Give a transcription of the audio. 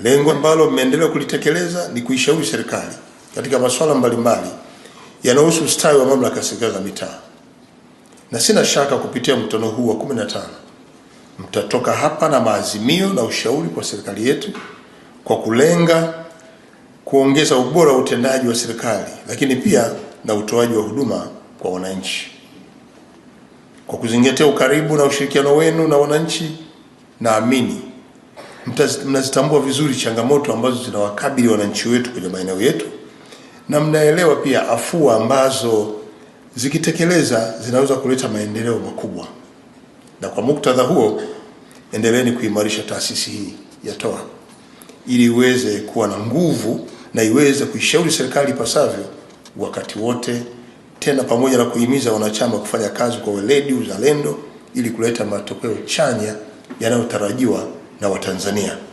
Lengo ambalo mmeendelea kulitekeleza ni kuishauri serikali katika masuala mbalimbali yanayohusu ustawi wa mamlaka ya serikali za mitaa, na sina shaka kupitia mkutano huu wa 15 mtatoka hapa na maazimio na ushauri kwa serikali yetu kwa kulenga kuongeza ubora wa utendaji wa serikali, lakini pia na utoaji wa huduma kwa wananchi. Kwa kuzingatia ukaribu na ushirikiano wenu na wananchi, naamini mnazitambua vizuri changamoto ambazo zinawakabili wananchi wetu kwenye maeneo yetu, na mnaelewa pia afua ambazo zikitekeleza zinaweza kuleta maendeleo makubwa. Na kwa muktadha huo, endeleeni kuimarisha taasisi hii ya TOA ili iweze kuwa na nguvu na iweze kuishauri serikali ipasavyo wakati wote, tena pamoja na kuhimiza wanachama kufanya kazi kwa weledi, uzalendo, ili kuleta matokeo chanya yanayotarajiwa na Watanzania.